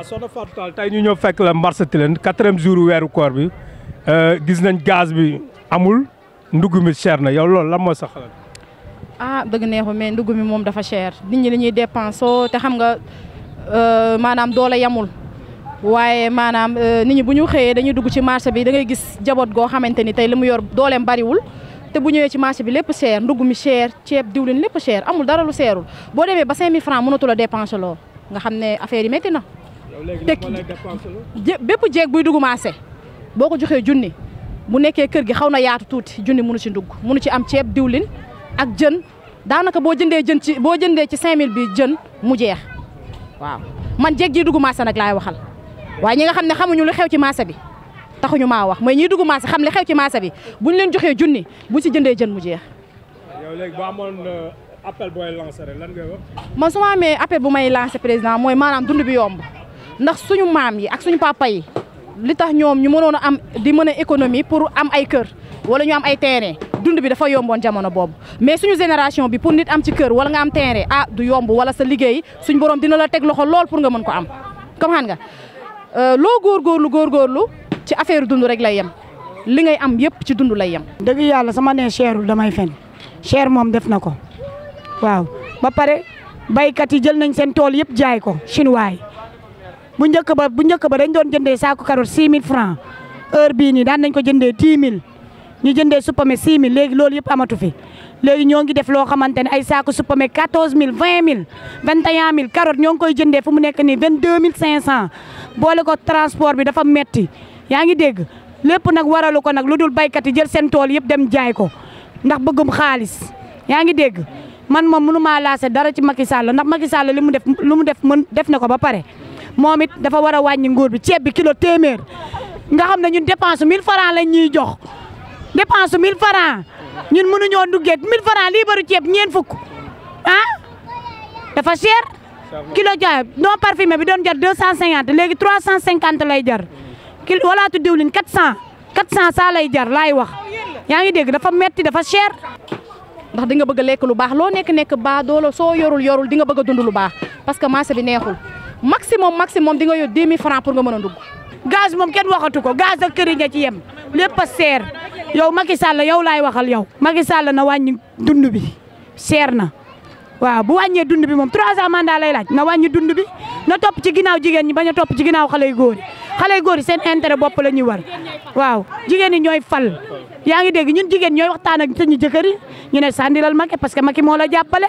waaw soxna Fatou Tall tey ñu ñëw fekk la Mbarsa Tilène quatrième jour weeru koor bi euh, gis nañ gaz bi amul ndugg mi cher na yow loolu lan mooy sa ah dëgg neexu mais ndugg mi moom dafa cher nit ñi li ñuy dépensé te xam nga euh, maanaam doole yamul waaye maanaam euh, nit ñi bu ñu xëyee dañuy dugg ci marché bi dangay gis jaboot goo xamante ni tey li mu yor dooleem bariwul. te bu ñëwee ci marché bi lépp cher ndugg mi cher ceeb diwlin lépp cher amul dara lu seerul boo demee ba 5000 francs mënatu la ne affaire yi métti na. te bépp jeeg buy dugg marché boo ko joxee junni bu nekkee kër gi xaw na yaatu tuuti junni munu ci dugg munu ci am ceeb diwlin ak jën daanaka boo jëndee jën ci boo jëndee ci 5000 bi jën mu jeex waaw man jeeg ji dugg marché nag laay waxal waaye ñi nga xam ne xam xamuñu lu xew ci marché bi taxuñu maa wax mooy ñiy dugg marché xam li xew ci marché bi buñ leen joxee junni bu ci jëndee jën mu jeex. yow léegi boo amoon euh, appel booy lancer lan man su ma amee appel bu may lancer président mooy maanaam dund bi yomb. ndax suñu maam yi ak suñu papa yi li tax ñoom ñu mënoon a am di mën a économie pour am ay kër wala ñu am ay terrain dund bi dafa yomboon jamono boobu mais suñu génération bi pour nit am ci kër wala nga am terrain ah du yomb wala sa liggéey suñ borom dina la teg loxo lool pour nga mën ko am comme xam nga euh, loo góor góorgóorlu ci affaire dund rek lay yem li ngay am yëpp ci dund lay yem. dëgg yàlla sama nee cherul damay fen cher moom def na ko waaw ba pare baykat yi jël nañ seen tool yëpp jaay ko chinois yi bu njëkk bu njëkk ba dañ doon jëndee saako carotte 6000 francs heure bii nii daan nañ ko jëndee 10000 ñu jëndee suppame 6000 léegi loolu yëpp amatu fi léegi ñoo ngi def loo xamante ne ay saako suppame 14000 20000 21000 carotte ñoo ngi koy jëndee fu mu nekk nii 22500 boole ko transport bi dafa metti yaa ngi dégg lépp nag waral ko nag lu dul baykat yi jël seen tool yëpp dem jaay ko ndax bëggum xaalis yaa ngi dégg man moom mënu maa laase dara ci Macky Sall ndax Macky Sall li mu def lu mu def mën def na ko ba pare momit dafa wara wañi wàññi nguur bi ceeb bi kilo témèr nga xamné ñun dépense 1000 francs lañ ñuy jox dépense 1000 francs ñun mënu ñoo duggé 1000 francs li baru ceeb ñeen fukk ah dafa cher kilo jaay non parfumé bi doon jar 250 légui 350 lay jar kilo wala walaatu diwlin 400 400 sa lay jar lay wax yaa ngi dégg dafa metti dafa cher ndax di nga bëgg lek lu baax lo nek nek ba do lo so yorul yorul di nga bëgg dund lu baax parce que marché bi neexul maximum maximum di nga yo 10 francs pour nga meuna dug gaz mom kenn waxatu ko gaz ak keri nga ci yem lepp a yow Macky Sall yow lay waxal yow Macky Sall na wàññi dund bi seer na waaw bu wañe dund bi mom 3 ans mandat lay laaj na wàññi dund bi na top ci ginaaw jigen ñi baña top ci ginaaw xalé goor xalé goor sen intérêt bop la war waaw jigen ni ñoy fal yaangi deg ñun jigen ñoy waxtaan ak jëkëri ñu ne sandilal Macky parce que Macky mo la jappalé